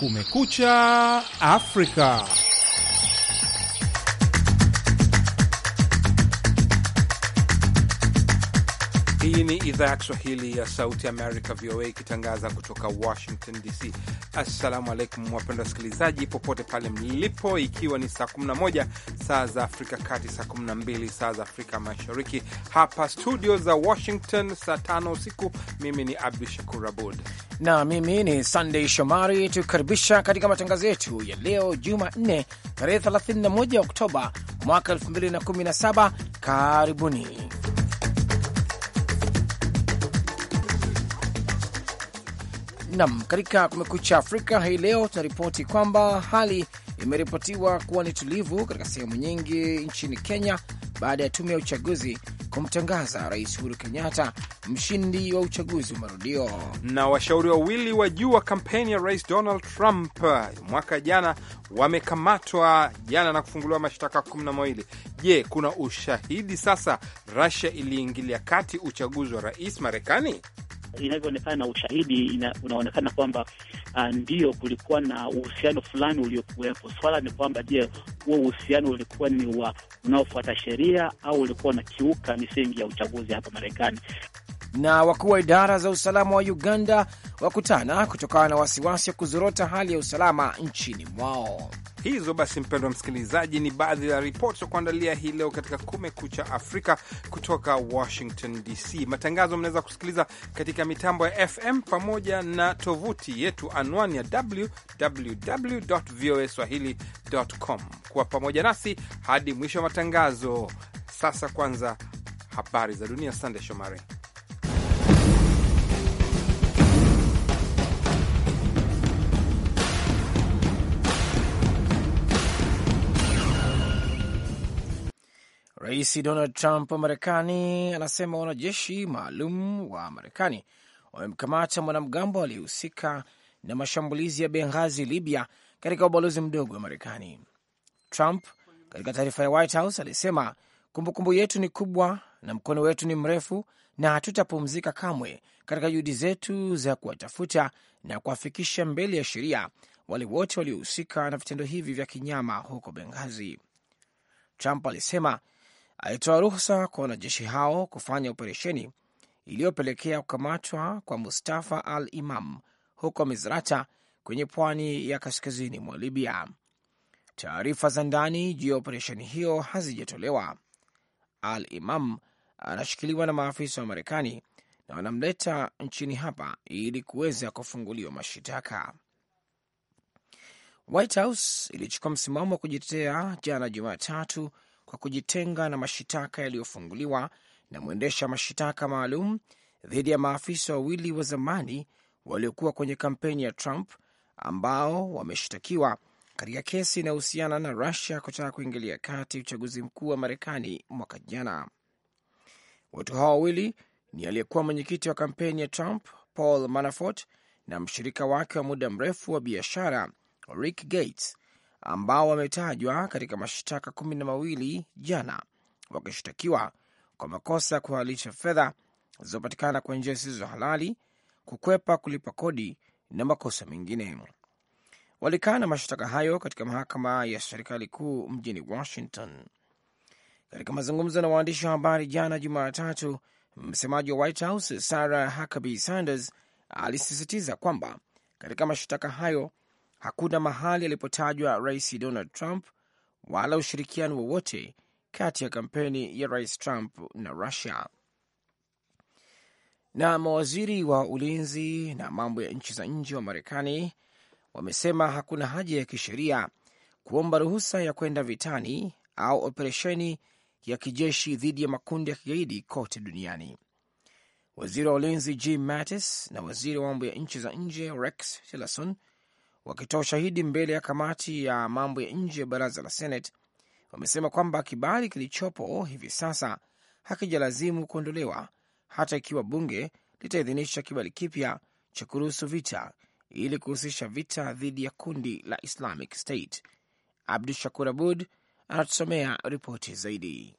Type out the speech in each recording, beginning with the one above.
Kumekucha Afrika. Hii ni idhaa ya Kiswahili ya Sauti Amerika, VOA, ikitangaza kutoka Washington DC. Assalamu alaikum wapenda wasikilizaji popote pale mlipo, ikiwa ni saa 11 saa za Afrika Kati, saa 12 saa za Afrika Mashariki. Hapa studio za Washington saa tano usiku. Mimi ni Abdu Shakur Abud na mimi ni Sandey Shomari, tukikaribisha katika matangazo yetu ya leo Jumanne tarehe 31 Oktoba mwaka 2017. Karibuni. Nam, katika Kumekucha Afrika hii leo tunaripoti kwamba hali imeripotiwa kuwa ni tulivu katika sehemu nyingi nchini Kenya baada ya tume ya uchaguzi kumtangaza Rais Uhuru Kenyatta mshindi wa uchaguzi wa marudio. Na washauri wawili wa juu wa kampeni ya Rais Donald Trump mwaka jana wamekamatwa jana na kufunguliwa mashtaka kumi na mawili. Je, kuna ushahidi sasa rasia iliingilia kati uchaguzi wa rais Marekani? inavyoonekana na ushahidi ina, unaonekana kwamba uh, ndio kulikuwa na uhusiano fulani uliokuwepo. Swala ni kwamba je, huo uhusiano ulikuwa ni wa unaofuata sheria au ulikuwa unakiuka misingi ya uchaguzi hapa Marekani? na wakuu wa idara za usalama wa Uganda wakutana kutokana na wasiwasi wa kuzorota hali ya usalama nchini mwao. Hizo basi, mpendwa msikilizaji, ni baadhi ya ripoti za kuandalia hii leo katika Kumekucha Afrika kutoka Washington DC. Matangazo mnaweza kusikiliza katika mitambo ya FM pamoja na tovuti yetu, anwani ya www voa swahili.com. Kuwa pamoja nasi hadi mwisho wa matangazo. Sasa kwanza, habari za dunia. Sande Shomari. Rais Donald Trump wa Marekani anasema wanajeshi maalum wa Marekani wamemkamata mwanamgambo aliyehusika na mashambulizi ya Benghazi, Libya, katika ubalozi mdogo wa Marekani. Trump katika taarifa ya White House alisema kumbukumbu yetu ni kubwa na mkono wetu ni mrefu, na hatutapumzika kamwe katika juhudi zetu za kuwatafuta na kuwafikisha mbele ya sheria wale wote waliohusika na vitendo hivi vya kinyama huko Benghazi. Trump alisema alitoa ruhusa kwa wanajeshi hao kufanya operesheni iliyopelekea kukamatwa kwa Mustafa al Imam huko Misrata kwenye pwani ya kaskazini mwa Libya. Taarifa za ndani juu ya operesheni hiyo hazijatolewa. Al Imam anashikiliwa na maafisa wa Marekani na wanamleta nchini hapa ili kuweza kufunguliwa mashitaka. White House ilichukua msimamo wa kujitetea jana Jumatatu kwa kujitenga na mashitaka yaliyofunguliwa na mwendesha mashitaka maalum dhidi ya maafisa wawili wa zamani waliokuwa kwenye kampeni ya Trump ambao wameshtakiwa katika kesi inayohusiana na Rusia kutaka kuingilia kati uchaguzi mkuu wa Marekani mwaka jana. Watu hao wawili ni aliyekuwa mwenyekiti wa kampeni ya Trump Paul Manafort na mshirika wake wa muda mrefu wa biashara Rick Gates ambao wametajwa katika mashtaka kumi na mawili jana wakishtakiwa kwa makosa ya kuhalalisha fedha zilizopatikana kwa njia zisizo halali, kukwepa kulipa kodi na makosa mengine. Walikaa na mashtaka hayo katika mahakama ya serikali kuu mjini Washington. Katika mazungumzo na waandishi wa habari jana Jumatatu, msemaji wa White House Sarah Huckabee Sanders alisisitiza kwamba katika mashtaka hayo hakuna mahali alipotajwa Rais Donald Trump wala ushirikiano wowote kati ya kampeni ya Rais Trump na Russia. Na mawaziri wa ulinzi na mambo ya nchi za nje wa Marekani wamesema hakuna haja ya kisheria kuomba ruhusa ya kwenda vitani au operesheni ya kijeshi dhidi ya makundi ya kigaidi kote duniani. Waziri wa ulinzi Jim Mattis na waziri wa mambo ya nchi za nje Rex Tillerson wakitoa ushahidi mbele ya kamati ya mambo ya nje ya baraza la Senate wamesema kwamba kibali kilichopo hivi sasa hakijalazimu kuondolewa hata ikiwa bunge litaidhinisha kibali kipya cha kuruhusu vita ili kuhusisha vita dhidi ya kundi la Islamic State. Abdu Shakur Abud anatusomea ripoti zaidi.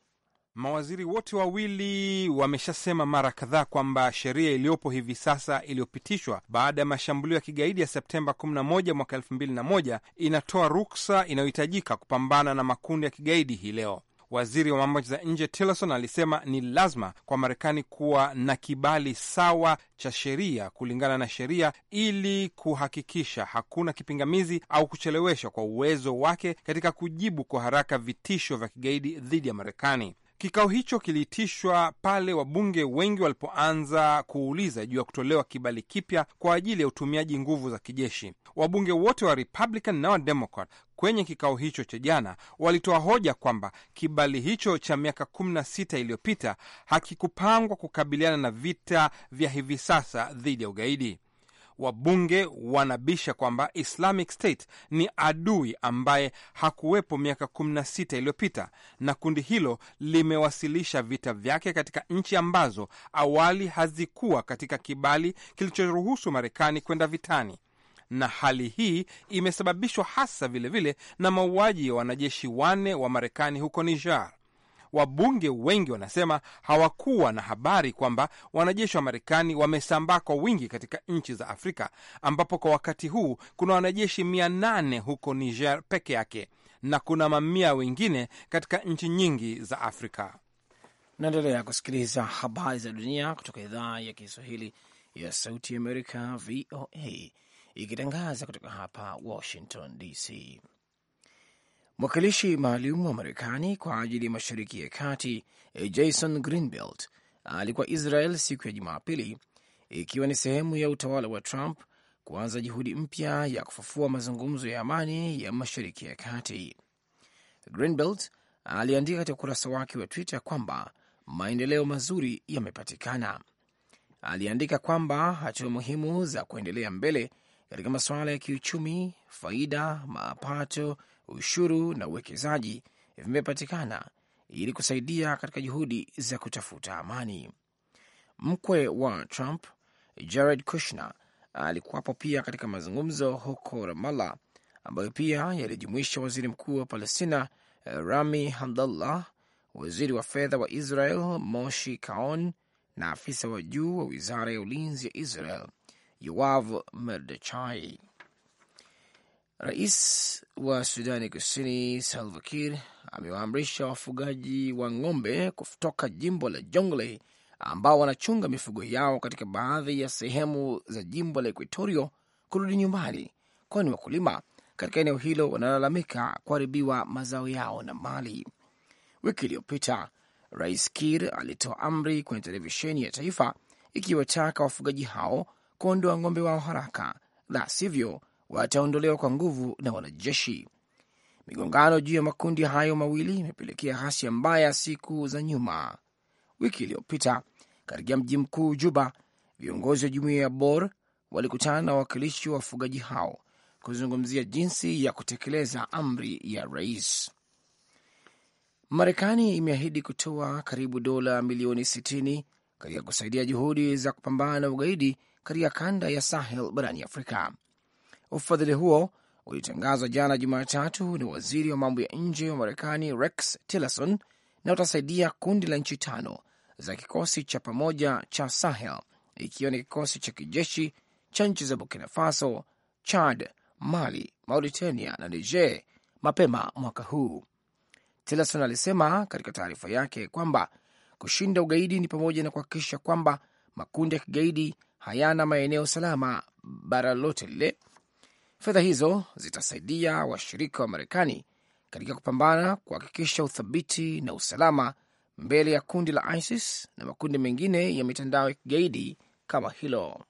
Mawaziri wote wawili wameshasema mara kadhaa kwamba sheria iliyopo hivi sasa iliyopitishwa baada ya mashambulio ya kigaidi ya Septemba 11 mwaka 2001 inatoa ruksa inayohitajika kupambana na makundi ya kigaidi hii leo. Waziri wa mambo za nje Tillerson alisema ni lazima kwa Marekani kuwa na kibali sawa cha sheria kulingana na sheria ili kuhakikisha hakuna kipingamizi au kucheleweshwa kwa uwezo wake katika kujibu kwa haraka vitisho vya kigaidi dhidi ya Marekani. Kikao hicho kiliitishwa pale wabunge wengi walipoanza kuuliza juu ya kutolewa kibali kipya kwa ajili ya utumiaji nguvu za kijeshi. Wabunge wote wa Republican na wa Democrat kwenye kikao hicho cha jana walitoa hoja kwamba kibali hicho cha miaka 16 iliyopita hakikupangwa kukabiliana na vita vya hivi sasa dhidi ya ugaidi wabunge wanabisha kwamba Islamic State ni adui ambaye hakuwepo miaka 16 iliyopita, na kundi hilo limewasilisha vita vyake katika nchi ambazo awali hazikuwa katika kibali kilichoruhusu Marekani kwenda vitani na hali hii imesababishwa hasa vilevile vile na mauaji ya wanajeshi wanne wa Marekani huko Niger wabunge wengi wanasema hawakuwa na habari kwamba wanajeshi wa Marekani wamesambaa kwa wingi katika nchi za Afrika, ambapo kwa wakati huu kuna wanajeshi mia nane huko Niger peke yake na kuna mamia wengine katika nchi nyingi za Afrika. Naendelea kusikiliza habari za dunia kutoka idhaa ya Kiswahili ya Sauti ya Amerika, VOA, ikitangaza kutoka hapa Washington DC. Mwakilishi maalum wa Marekani kwa ajili ya Mashariki ya Kati eh, Jason Greenblatt alikuwa Israel siku ya Jumapili, ikiwa ni sehemu ya utawala wa Trump kuanza juhudi mpya ya kufufua mazungumzo ya amani ya Mashariki ya Kati. Greenblatt aliandika katika ukurasa wake wa Twitter kwamba maendeleo mazuri yamepatikana. Aliandika kwamba hatua muhimu za kuendelea mbele katika masuala ya kiuchumi, faida, mapato ushuru na uwekezaji vimepatikana ili kusaidia katika juhudi za kutafuta amani. Mkwe wa Trump Jared Kushner alikuwapo pia katika mazungumzo huko Ramallah ambayo pia yalijumuisha waziri mkuu wa Palestina Rami Hamdallah, waziri wa fedha wa Israel Moshi Kaon na afisa wa juu wa wizara ya ulinzi ya Israel Yoav Merdechai. Rais wa Sudani Kusini Salva Kiir amewaamrisha wafugaji wa ng'ombe kutoka jimbo la Jonglei ambao wanachunga mifugo yao katika baadhi ya sehemu za jimbo la equatorio kurudi nyumbani, kwani wakulima katika eneo hilo wanalalamika kuharibiwa mazao yao na mali. Wiki iliyopita Rais Kiir alitoa amri kwenye televisheni ya taifa ikiwataka wafugaji hao kuondoa ng'ombe wao haraka, la sivyo wataondolewa kwa nguvu na wanajeshi. Migongano juu ya makundi hayo mawili imepelekea ghasia mbaya siku za nyuma. Wiki iliyopita katika mji mkuu Juba, viongozi wa jumuiya ya BOR walikutana na wawakilishi wa wafugaji hao kuzungumzia jinsi ya kutekeleza amri ya rais. Marekani imeahidi kutoa karibu dola milioni 60 katika kusaidia juhudi za kupambana na ugaidi katika kanda ya Sahel barani Afrika. Ufadhili huo ulitangazwa jana Jumatatu ni waziri wa mambo ya nje wa Marekani Rex Tillerson na utasaidia kundi la nchi tano za kikosi cha pamoja cha Sahel, ikiwa ni kikosi cha kijeshi cha nchi za Burkina Faso, Chad, Mali, Mauritania na Niger mapema mwaka huu. Tillerson alisema katika taarifa yake kwamba kushinda ugaidi ni pamoja na kuhakikisha kwamba makundi ya kigaidi hayana maeneo salama bara lote lile Fedha hizo zitasaidia washirika wa Marekani katika kupambana kuhakikisha uthabiti na usalama mbele ya kundi la ISIS na makundi mengine ya mitandao ya kigaidi kama hilo.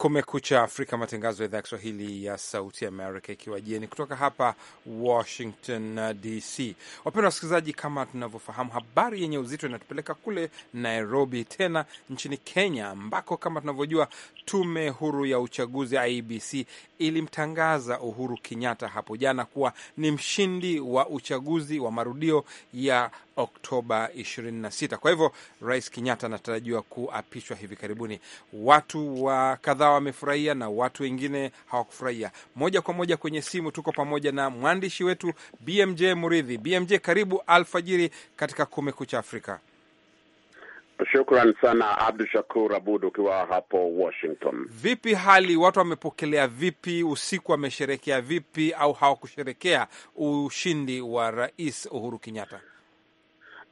Kumekucha Afrika, matangazo ya idhaa ya Kiswahili ya Sauti Amerika, ikiwa jieni kutoka hapa Washington uh, DC. Wapendwa wasikilizaji, kama tunavyofahamu, habari yenye uzito inatupeleka kule Nairobi, tena nchini Kenya, ambako kama tunavyojua tume huru ya uchaguzi IEBC ilimtangaza Uhuru Kenyatta hapo jana kuwa ni mshindi wa uchaguzi wa marudio ya Oktoba 26. Kwa hivyo Rais Kenyatta anatarajiwa kuapishwa hivi karibuni. Watu wa kadhaa wamefurahia na watu wengine hawakufurahia. Moja kwa moja kwenye simu tuko pamoja na mwandishi wetu BMJ Muridhi. BMJ, karibu alfajiri katika Kumekucha Afrika. Shukran sana Abdu Shakur Abud, ukiwa hapo Washington. Vipi hali, watu wamepokelea vipi usiku, wamesherekea vipi au hawakusherekea ushindi wa Rais Uhuru Kenyatta?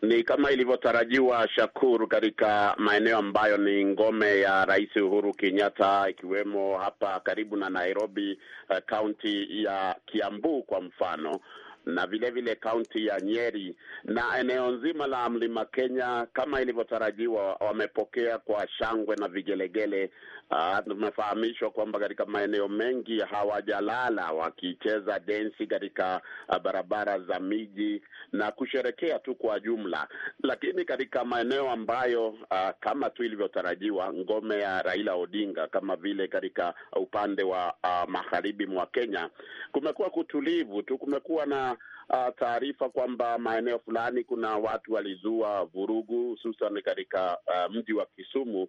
Ni kama ilivyotarajiwa Shakur, katika maeneo ambayo ni ngome ya Rais Uhuru Kenyatta, ikiwemo hapa karibu na Nairobi, eh, kaunti uh, ya Kiambu kwa mfano na vilevile kaunti ya Nyeri na eneo nzima la mlima Kenya, kama ilivyotarajiwa, wamepokea kwa shangwe na vigelegele Ah, tumefahamishwa kwamba katika maeneo mengi hawajalala wakicheza densi katika ah, barabara za miji na kusherekea tu kwa jumla, lakini katika maeneo ambayo uh, kama tu ilivyotarajiwa ngome ya Raila Odinga kama vile katika upande wa uh, magharibi mwa Kenya kumekuwa kutulivu tu. Kumekuwa na uh, taarifa kwamba maeneo fulani kuna watu walizua vurugu hususan katika uh, mji wa Kisumu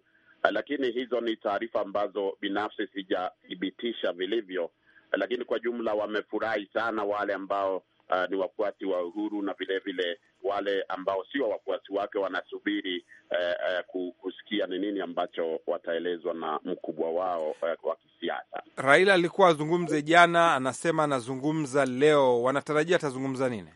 lakini hizo ni taarifa ambazo binafsi sijathibitisha vilivyo, lakini kwa jumla wamefurahi sana wale ambao uh, ni wafuasi wa Uhuru na vilevile wale ambao sio wafuasi wake wanasubiri eh, eh, kusikia ni nini ambacho wataelezwa na mkubwa wao eh, wa kisiasa. Raila alikuwa azungumze jana, anasema anazungumza leo. Wanatarajia atazungumza nini?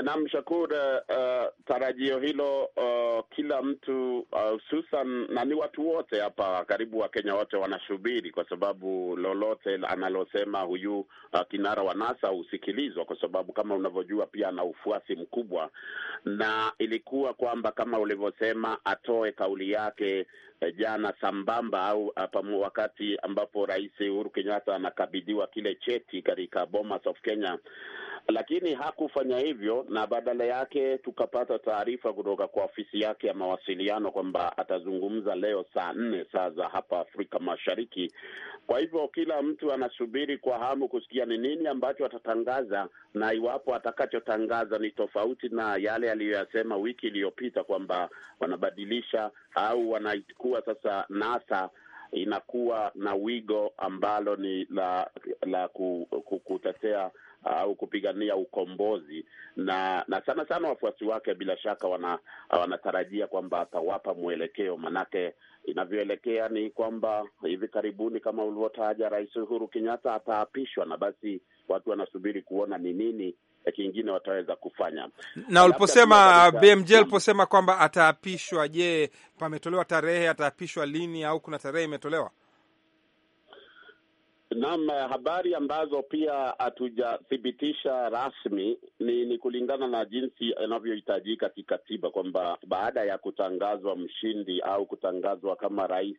Namshukuru. Uh, eh, eh, tarajio hilo uh, kila mtu hususan, uh, na ni watu wote hapa karibu Wakenya wote wanashubiri kwa sababu lolote analosema huyu uh, kinara wa NASA husikilizwa, kwa sababu kama unavyojua pia ana ufuasi mkubwa, na ilikuwa kwamba kama ulivyosema atoe kauli yake jana sambamba au pamu wakati ambapo Rais Uhuru Kenyatta anakabidhiwa kile cheti katika Bomas of Kenya lakini hakufanya hivyo, na badala yake tukapata taarifa kutoka kwa ofisi yake ya mawasiliano kwamba atazungumza leo saa nne saa za hapa Afrika Mashariki. Kwa hivyo kila mtu anasubiri kwa hamu kusikia ni nini ambacho atatangaza, na iwapo atakachotangaza ni tofauti na yale aliyoyasema wiki iliyopita kwamba wanabadilisha au wanaikuwa sasa NASA inakuwa na wigo ambalo ni la, la kutetea Uh, au kupigania ukombozi, na na sana sana wafuasi wake bila shaka wana, wanatarajia kwamba atawapa mwelekeo, manake inavyoelekea ni kwamba hivi karibuni kama ulivyotaja, Rais Uhuru Kenyatta ataapishwa, na basi watu wanasubiri kuona ni nini kingine wataweza kufanya. Na uliposema BMJ, uliposema kwamba ataapishwa, je, pametolewa tarehe? Ataapishwa lini au kuna tarehe imetolewa? Naam, eh, habari ambazo pia hatujathibitisha rasmi ni, ni kulingana na jinsi inavyohitajika kikatiba kwamba baada ya kutangazwa mshindi au kutangazwa kama rais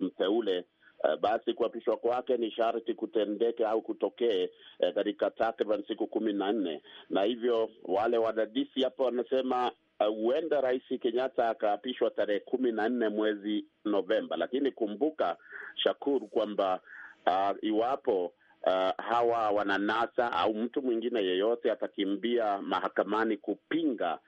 mteule Uh, basi kuapishwa kwake ni sharti kutendeke au kutokee eh, katika uh, takriban siku kumi na nne, na hivyo wale wadadisi hapo wanasema huenda uh, Rais Kenyatta akaapishwa tarehe kumi na nne mwezi Novemba, lakini kumbuka Shakuru kwamba uh, iwapo Uh, hawa wananasa au mtu mwingine yeyote atakimbia mahakamani kupinga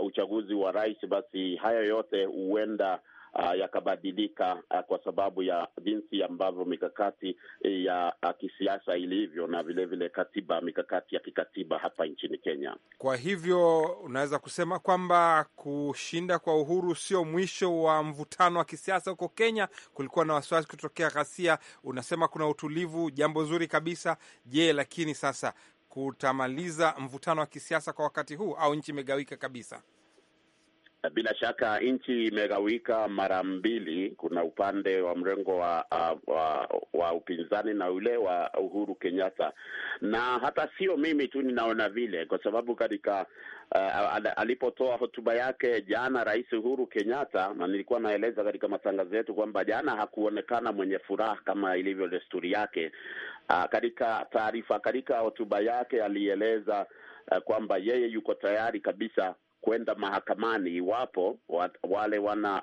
uh, uchaguzi wa rais, basi haya yote huenda uh, yakabadilika uh, kwa sababu ya jinsi ambavyo mikakati uh, ya uh, kisiasa ilivyo na vilevile vile katiba, mikakati ya kikatiba hapa nchini Kenya. Kwa hivyo unaweza kusema kwamba kushinda kwa Uhuru sio mwisho wa mvutano wa kisiasa huko Kenya. Kulikuwa na wasiwasi kutokea ghasia, unasema kuna utulivu, jambo zuri kabisa. Je, lakini sasa kutamaliza mvutano wa kisiasa kwa wakati huu au nchi imegawika kabisa? Bila shaka nchi imegawika mara mbili. Kuna upande wa mrengo wa, uh, wa wa upinzani na ule wa Uhuru Kenyatta, na hata sio mimi tu ninaona vile, kwa sababu katika uh, alipotoa hotuba yake jana Rais Uhuru Kenyatta, na nilikuwa naeleza katika matangazo yetu kwamba jana hakuonekana mwenye furaha kama ilivyo desturi yake. Uh, katika taarifa, katika hotuba yake alieleza uh, kwamba yeye yuko tayari kabisa kwenda mahakamani iwapo wat, wale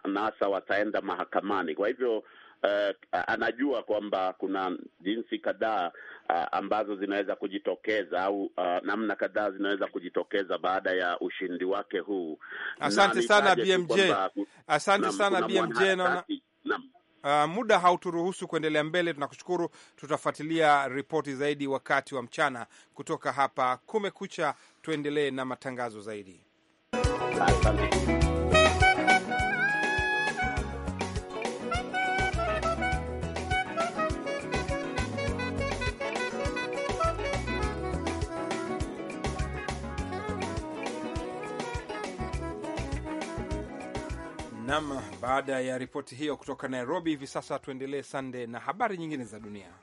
nasa wataenda mahakamani. Kwa hivyo uh, anajua kwamba kuna jinsi kadhaa uh, ambazo zinaweza kujitokeza au uh, namna kadhaa zinaweza kujitokeza baada ya ushindi wake huu. Asante sana BMJ, asante sana BMJ, naona Uh, muda hauturuhusu kuendelea mbele. Tunakushukuru, tutafuatilia ripoti zaidi wakati wa mchana kutoka hapa Kumekucha. Tuendelee na matangazo zaidi. Nam, baada ya ripoti hiyo kutoka Nairobi, hivi sasa tuendelee sande na habari nyingine za dunia.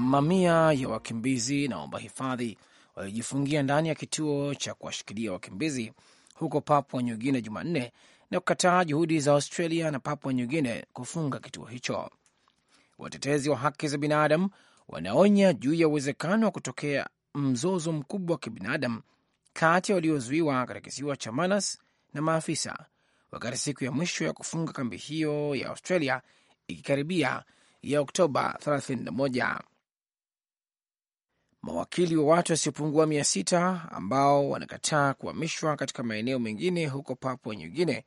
Mamia ya wakimbizi na waomba hifadhi walijifungia ndani ya kituo cha kuwashikilia wakimbizi huko Papua New Guinea Jumanne na kukataa juhudi za Australia na Papua New Guinea kufunga kituo hicho. Watetezi wa haki za binadamu wanaonya juu ya uwezekano wa kutokea mzozo mkubwa wa kibinadamu kati ya waliozuiwa katika kisiwa cha Manus na maafisa, wakati siku ya mwisho ya kufunga kambi hiyo ya Australia ikikaribia ya Oktoba 31 mawakili wa watu wasiopungua mia sita ambao wanakataa kuhamishwa katika maeneo mengine huko Papua New Guinea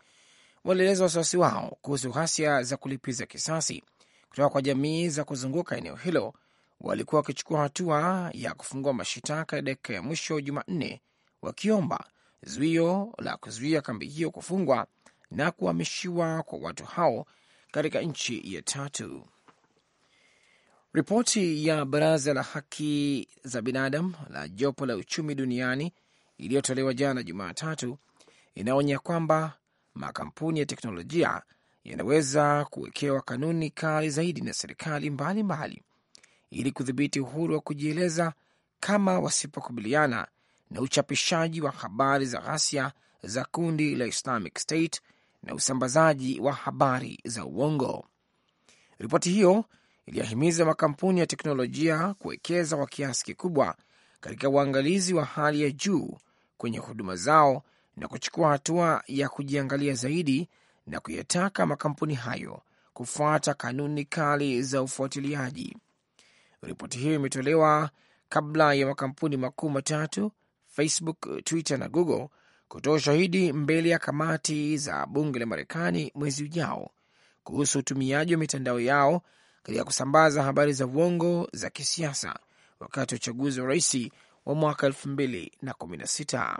walieleza wasiwasi wao kuhusu ghasia za kulipiza kisasi kutoka kwa jamii za kuzunguka eneo hilo. Walikuwa wakichukua hatua ya kufungua mashitaka ya dakika ya mwisho Jumanne, wakiomba zuio la kuzuia kambi hiyo kufungwa na kuhamishiwa kwa watu hao katika nchi ya tatu. Ripoti ya Baraza la Haki za binadam la Jopo la Uchumi Duniani iliyotolewa jana Jumatatu inaonya kwamba makampuni ya teknolojia yanaweza kuwekewa kanuni kali zaidi na serikali mbalimbali ili kudhibiti uhuru wa kujieleza kama wasipokabiliana na uchapishaji wa habari za ghasia za kundi la Islamic State na usambazaji wa habari za uongo. Ripoti hiyo iliyahimiza makampuni ya teknolojia kuwekeza kwa kiasi kikubwa katika uangalizi wa hali ya juu kwenye huduma zao na kuchukua hatua ya kujiangalia zaidi na kuyataka makampuni hayo kufuata kanuni kali za ufuatiliaji. Ripoti hiyo imetolewa kabla ya makampuni makuu matatu Facebook, Twitter na Google kutoa ushahidi mbele ya kamati za bunge la Marekani mwezi ujao kuhusu utumiaji wa mitandao yao katika kusambaza habari za uongo za kisiasa wakati wa uchaguzi wa rais wa mwaka sita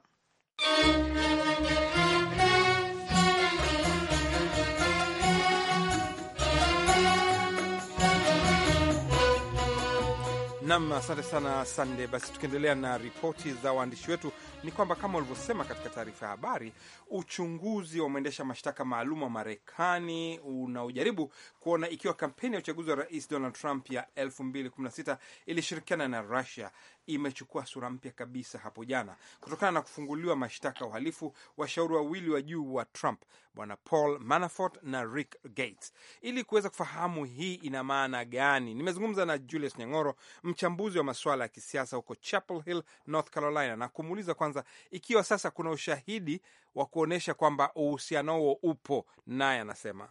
Nam, asante sana Sande. Basi tukiendelea na ripoti za waandishi wetu, ni kwamba kama ulivyosema katika taarifa ya habari, uchunguzi wa mwendesha mashtaka maalum wa Marekani unaojaribu kuona ikiwa kampeni ya uchaguzi wa rais Donald Trump ya 2016 ilishirikiana na Russia imechukua sura mpya kabisa hapo jana kutokana na kufunguliwa mashtaka ya uhalifu washauri wawili wa juu wa Trump, bwana Paul Manafort na Rick Gates. Ili kuweza kufahamu hii ina maana gani, nimezungumza na Julius Nyang'oro, mchambuzi wa masuala ya kisiasa huko Chapel Hill, North Carolina, na kumuuliza kwanza ikiwa sasa kuna ushahidi wa kuonyesha kwamba uhusiano huo upo, naye anasema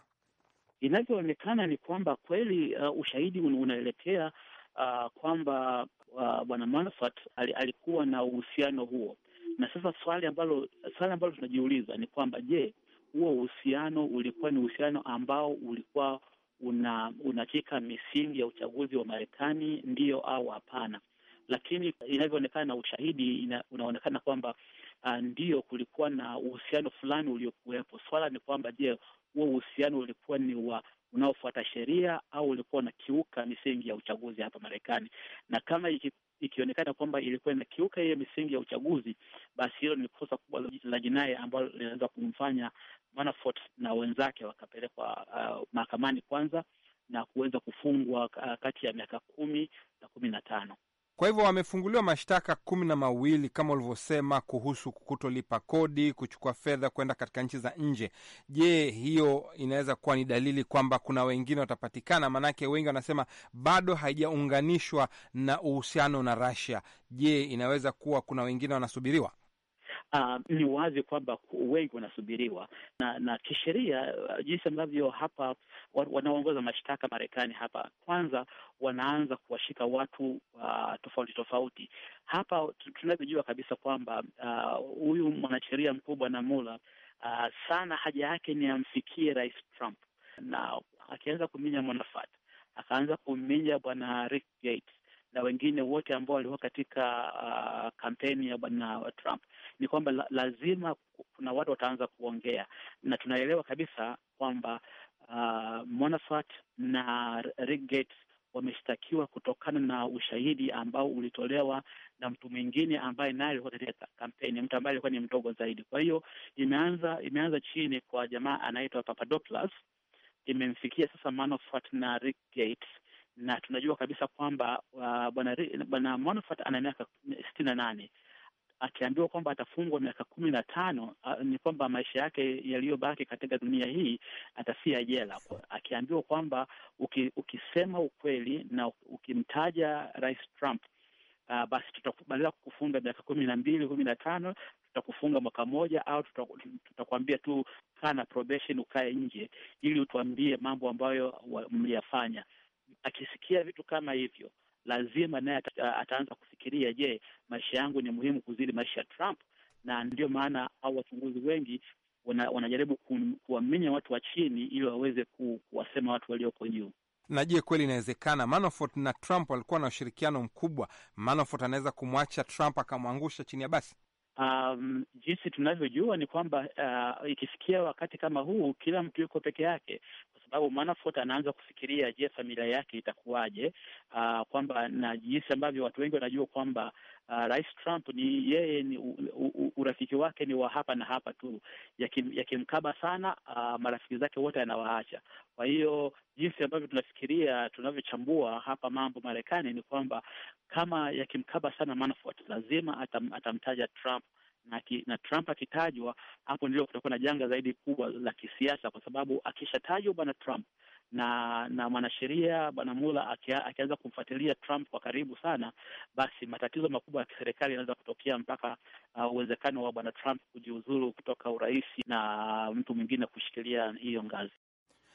inavyoonekana ni kwamba kweli uh, ushahidi unaelekea uh, kwamba uh, bwana Manafort al, alikuwa na uhusiano huo, na sasa swali ambalo swali ambalo tunajiuliza ni kwamba je, huo uhusiano ulikuwa ni uhusiano ambao ulikuwa una unakika misingi ya uchaguzi wa Marekani, ndiyo au hapana? Lakini inavyoonekana na ushahidi ina, unaonekana kwamba uh, ndiyo kulikuwa na uhusiano fulani uliokuwepo. Swala ni kwamba je, huo uhusiano ulikuwa ni wa unaofuata sheria au ulikuwa unakiuka misingi ya uchaguzi hapa Marekani. Na kama iki, ikionekana kwamba ilikuwa inakiuka hiyo misingi ya uchaguzi, basi hilo ni kosa kubwa la jinai ambalo linaweza kumfanya Manafort na wenzake wakapelekwa uh, mahakamani kwanza na kuweza kufungwa uh, kati ya miaka kumi na kumi na tano. Kwa hivyo wamefunguliwa mashtaka kumi na mawili kama ulivyosema, kuhusu kutolipa kodi, kuchukua fedha kwenda katika nchi za nje. Je, hiyo inaweza kuwa ni dalili kwamba kuna wengine watapatikana? Maanake wengi wanasema bado haijaunganishwa na uhusiano na Russia. Je, inaweza kuwa kuna wengine wanasubiriwa? uh, ni wazi kwamba wengi wanasubiriwa na na kisheria, uh, jinsi ambavyo hapa wanaoongoza mashtaka Marekani hapa kwanza wanaanza kuwashika watu uh, tofauti tofauti. Hapa tunavyojua kabisa kwamba uh, huyu uh, mwanasheria mkuu bwana mula uh, sana haja yake ni amfikie Rais Trump, na akianza kuminya Manafort, akaanza kuminya bwana Rick Gates na wengine wote ambao walikuwa katika uh, kampeni ya bwana Trump ni kwamba la, lazima kuna watu wataanza kuongea, na tunaelewa kabisa kwamba uh, monafat na Rick Gates wameshtakiwa kutokana na ushahidi ambao ulitolewa na mtu mwingine ambaye naye alikuwa katika kampeni, mtu ambaye alikuwa ni mdogo zaidi. Kwa hiyo imeanza imeanza chini kwa jamaa anaitwa Papadopoulos, imemfikia sasa Manafort na Rick Gates, na tunajua kabisa kwamba uh, bwana Manafort ana miaka sitini na nane akiambiwa kwamba atafungwa miaka kumi na tano ni kwamba maisha yake yaliyobaki katika dunia hii atafia jela. Akiambiwa kwamba uki, ukisema ukweli na ukimtaja Rais Trump uh, basi tutakubalia kufunga miaka kumi na mbili kumi na tano tutakufunga mwaka mmoja au tutakuambia tu kaa na probation, ukae nje ili utuambie mambo ambayo mliyafanya. Akisikia vitu kama hivyo lazima naye ataanza kufikiria, je, maisha yangu ni muhimu kuzidi maisha ya Trump? Na ndio maana au wachunguzi wengi wana, wanajaribu kuwaminya watu wa chini ili waweze kuwasema watu walioko juu. Na je, kweli inawezekana? Manafort na Trump walikuwa na ushirikiano mkubwa. Manafort anaweza kumwacha Trump akamwangusha chini ya basi? Um, jinsi tunavyojua ni kwamba uh, ikifikia wakati kama huu, kila mtu yuko peke yake, kwa sababu Manafort anaanza kufikiria, je, familia yake itakuwaje? Uh, kwamba na jinsi ambavyo watu wengi wanajua kwamba uh, Rais Trump ni yeye ni u, u, u, urafiki wake ni wa hapa na hapa tu, yakimkaba yaki sana uh, marafiki zake wote anawaacha. Kwa hiyo jinsi ambavyo tunafikiria tunavyochambua hapa mambo Marekani ni kwamba kama yakimkaba sana Manafort lazima atam, atamtaja Trump na, ki, na Trump akitajwa hapo ndio kutakuwa na janga zaidi kubwa la kisiasa, kwa sababu akishatajwa bwana Trump na na mwanasheria bwana mula akianza kumfuatilia Trump kwa karibu sana, basi matatizo makubwa ya kiserikali yanaweza kutokea mpaka uh, uwezekano uh, wa bwana Trump kujiuzuru kutoka urais na mtu mwingine kushikilia hiyo ngazi.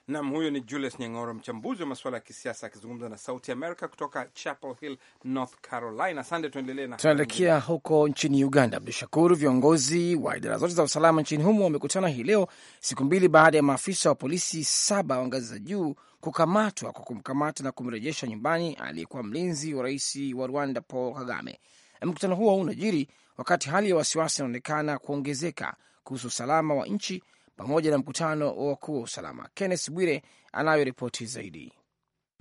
Nam, huyo ni Julius Nyang'oro, mchambuzi wa masuala ya kisiasa akizungumza na Sauti Amerika kutoka Chapel Hill, North Carolina. Sande, tuendelee na tunaelekea huko nchini Uganda. Abdu shakur viongozi wa idara zote za usalama nchini humo wamekutana hii leo, siku mbili baada ya maafisa wa polisi saba wa ngazi za juu kukamatwa kwa kumkamata na kumrejesha nyumbani aliyekuwa mlinzi wa rais wa Rwanda Paul Kagame. Mkutano huo unajiri wakati hali ya wasiwasi inaonekana kuongezeka kuhusu usalama wa nchi pamoja na mkutano wa wakuu wa usalama. Kenneth Bwire anayo ripoti zaidi.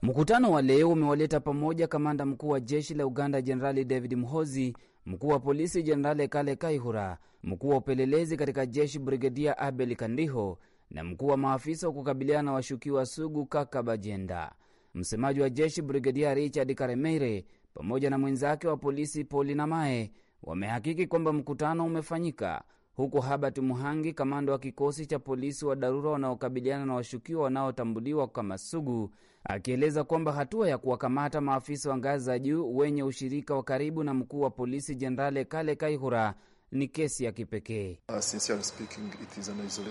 Mkutano wa leo umewaleta pamoja kamanda mkuu wa jeshi la Uganda Jenerali David Muhozi, mkuu wa polisi Jenerali Kale Kaihura, mkuu wa upelelezi katika jeshi Brigedia Abel Kandiho na mkuu wa maafisa wa kukabiliana na washukiwa sugu Kaka Bajenda. Msemaji wa jeshi Brigedia Richard Karemeire pamoja na mwenzake wa polisi Pauli Namae wamehakiki kwamba mkutano umefanyika huku Habert Muhangi, kamanda wa kikosi cha polisi wa dharura wanaokabiliana na washukiwa wanaotambuliwa kama sugu, akieleza kwamba hatua ya kuwakamata maafisa wa ngazi za juu wenye ushirika wa karibu na mkuu wa polisi Jenerali Kale Kaihura ni kesi ya kipekee. Uh,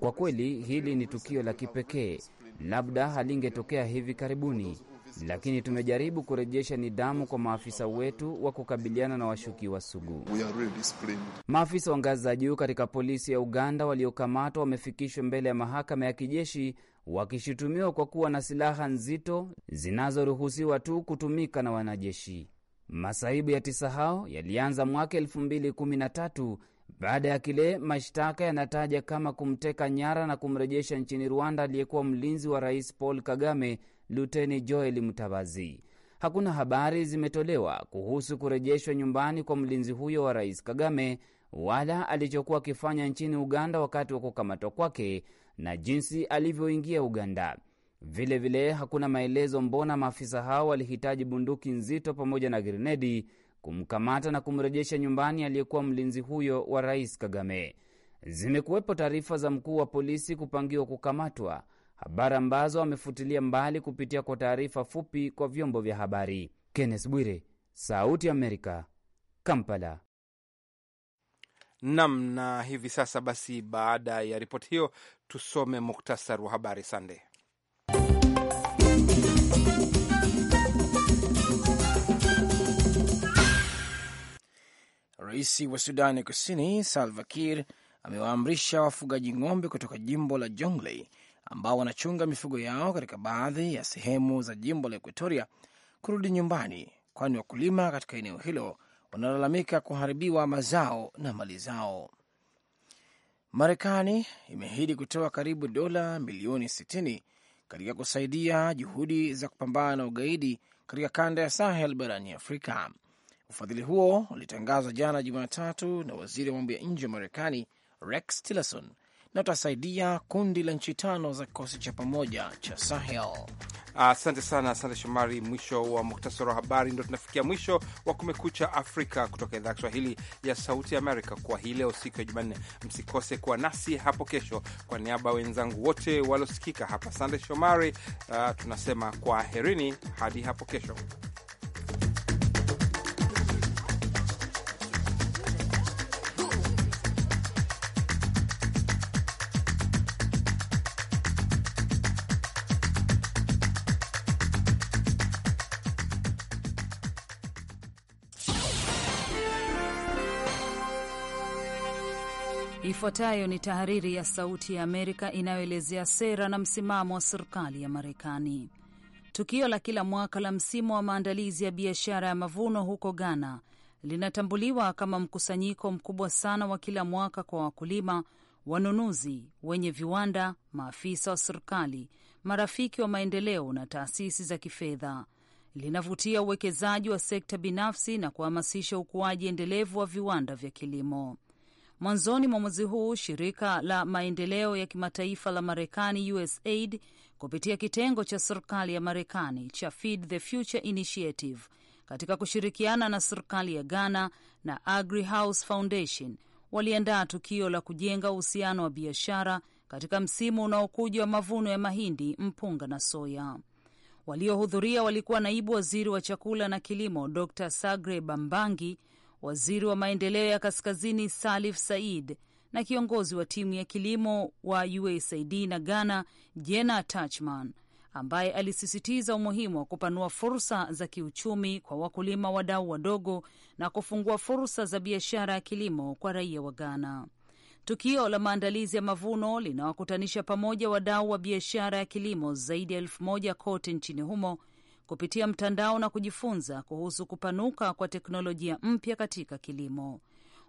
Kwa kweli hili ni tukio la kipekee, labda halingetokea hivi karibuni lakini tumejaribu kurejesha nidhamu kwa maafisa wetu wa kukabiliana na washukiwa sugu. maafisa wa ngazi za juu katika polisi ya Uganda waliokamatwa wamefikishwa mbele ya mahakama ya kijeshi wakishutumiwa kwa kuwa na silaha nzito zinazoruhusiwa tu kutumika na wanajeshi. Masaibu ya tisa hao yalianza mwaka tatu baada ya kile mashtaka yanataja kama kumteka nyara na kumrejesha nchini Rwanda aliyekuwa mlinzi wa Rais Paul Kagame Luteni Joel Mtabazi. Hakuna habari zimetolewa kuhusu kurejeshwa nyumbani kwa mlinzi huyo wa Rais Kagame wala alichokuwa akifanya nchini Uganda wakati wa kukamatwa kwake na jinsi alivyoingia Uganda. Vilevile vile, hakuna maelezo mbona maafisa hao walihitaji bunduki nzito pamoja na grenedi kumkamata na kumrejesha nyumbani aliyekuwa mlinzi huyo wa Rais Kagame. Zimekuwepo taarifa za mkuu wa polisi kupangiwa kukamatwa habari ambazo amefutilia mbali kupitia kwa taarifa fupi kwa vyombo vya habari. Kenneth Bwire, Sauti Amerika, Kampala. Nam, na hivi sasa basi, baada ya ripoti hiyo, tusome muktasar wa habari. Sande. Rais wa Sudani Kusini Salva Kiir amewaamrisha wafugaji ng'ombe kutoka jimbo la Jonglei ambao wanachunga mifugo yao katika baadhi ya sehemu za jimbo la Ekuatoria kurudi nyumbani, kwani wakulima katika eneo hilo wanalalamika kuharibiwa mazao na mali zao. Marekani imeahidi kutoa karibu dola milioni 60 katika kusaidia juhudi za kupambana na ugaidi katika kanda ya Sahel barani Afrika. Ufadhili huo ulitangazwa jana Jumatatu na waziri wa mambo ya nje wa Marekani Rex Tillerson na utasaidia kundi la nchi tano za kikosi cha pamoja cha Sahel. Asante sana, asante Shomari. Mwisho wa muktasari wa habari, ndo tunafikia mwisho wa Kumekucha Afrika kutoka idhaa ya Kiswahili ya Sauti Amerika kwa hii leo, siku ya Jumanne. Msikose kuwa nasi hapo kesho. Kwa niaba ya wenzangu wote waliosikika hapa, sande Shomari, uh, tunasema herini hadi hapo kesho. Ifuatayo ni tahariri ya Sauti ya Amerika inayoelezea sera na msimamo wa serikali ya Marekani. Tukio la kila mwaka la msimu wa maandalizi ya biashara ya mavuno huko Ghana linatambuliwa kama mkusanyiko mkubwa sana wa kila mwaka kwa wakulima, wanunuzi, wenye viwanda, maafisa wa serikali, marafiki wa maendeleo na taasisi za kifedha. Linavutia uwekezaji wa sekta binafsi na kuhamasisha ukuaji endelevu wa viwanda vya kilimo. Mwanzoni mwa mwezi huu shirika la maendeleo ya kimataifa la Marekani, USAID, kupitia kitengo cha serikali ya Marekani cha Feed the Future Initiative katika kushirikiana na serikali ya Ghana na Agri House Foundation waliandaa tukio la kujenga uhusiano wa biashara katika msimu unaokuja wa mavuno ya mahindi, mpunga na soya. Waliohudhuria walikuwa naibu waziri wa chakula na kilimo Dr Sagre Bambangi, waziri wa maendeleo ya kaskazini Salif Said na kiongozi wa timu ya kilimo wa USAID na Ghana Jena Tachman ambaye alisisitiza umuhimu wa kupanua fursa za kiuchumi kwa wakulima wadau wadogo na kufungua fursa za biashara ya kilimo kwa raia wa Ghana. Tukio la maandalizi ya mavuno linawakutanisha pamoja wadau wa biashara ya kilimo zaidi ya elfu moja kote nchini humo kupitia mtandao na kujifunza kuhusu kupanuka kwa teknolojia mpya katika kilimo.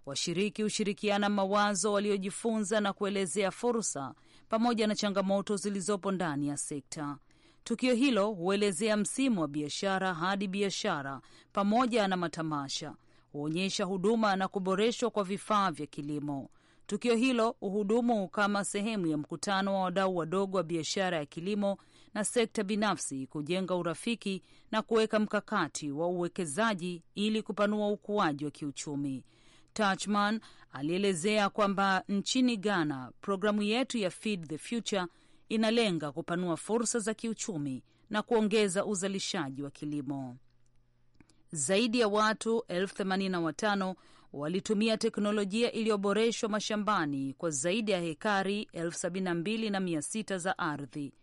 Washiriki hushirikiana mawazo waliojifunza na kuelezea fursa pamoja na changamoto zilizopo ndani ya sekta. Tukio hilo huelezea msimu wa biashara hadi biashara pamoja na matamasha, huonyesha huduma na kuboreshwa kwa vifaa vya kilimo. Tukio hilo uhudumu kama sehemu ya mkutano wa wadau wadogo wa biashara ya kilimo na sekta binafsi kujenga urafiki na kuweka mkakati wa uwekezaji ili kupanua ukuaji wa kiuchumi. Tachman alielezea kwamba nchini Ghana, programu yetu ya Feed the Future inalenga kupanua fursa za kiuchumi na kuongeza uzalishaji wa kilimo. Zaidi ya watu elfu themanini na watano walitumia teknolojia iliyoboreshwa mashambani kwa zaidi ya hekari elfu sabini na mbili na mia sita za ardhi.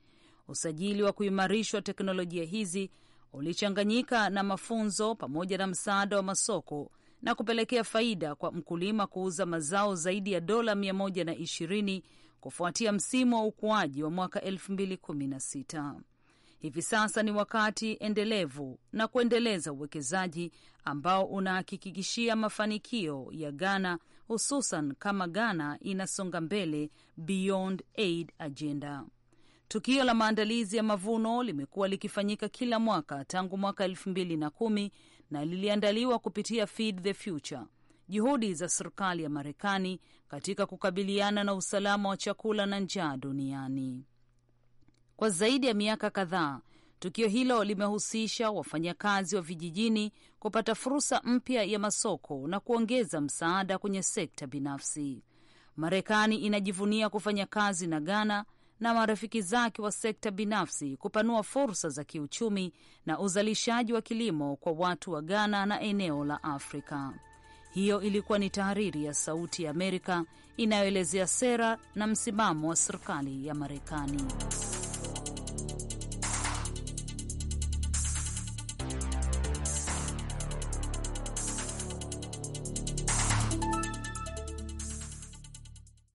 Usajili wa kuimarishwa teknolojia hizi ulichanganyika na mafunzo pamoja na msaada wa masoko na kupelekea faida kwa mkulima kuuza mazao zaidi ya dola 120 kufuatia msimu wa ukuaji wa mwaka 2016. Hivi sasa ni wakati endelevu na kuendeleza uwekezaji ambao unahakikishia mafanikio ya Ghana, hususan kama Ghana inasonga mbele Beyond Aid Agenda. Tukio la maandalizi ya mavuno limekuwa likifanyika kila mwaka tangu mwaka elfu mbili na kumi na liliandaliwa kupitia Feed the Future, juhudi za serikali ya Marekani katika kukabiliana na usalama wa chakula na njaa duniani. Kwa zaidi ya miaka kadhaa, tukio hilo limehusisha wafanyakazi wa vijijini kupata fursa mpya ya masoko na kuongeza msaada kwenye sekta binafsi. Marekani inajivunia kufanya kazi na Ghana na marafiki zake wa sekta binafsi kupanua fursa za kiuchumi na uzalishaji wa kilimo kwa watu wa Ghana na eneo la Afrika. Hiyo ilikuwa ni tahariri ya Sauti ya Amerika inayoelezea sera na msimamo wa serikali ya Marekani.